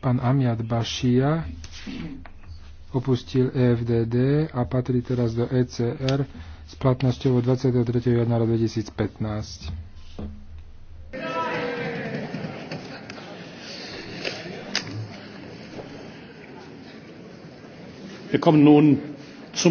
Pán Amiat Bašia opustil EFDD a patrí teraz do ECR s platnosťou 23. januára 2015. Wir kommen nun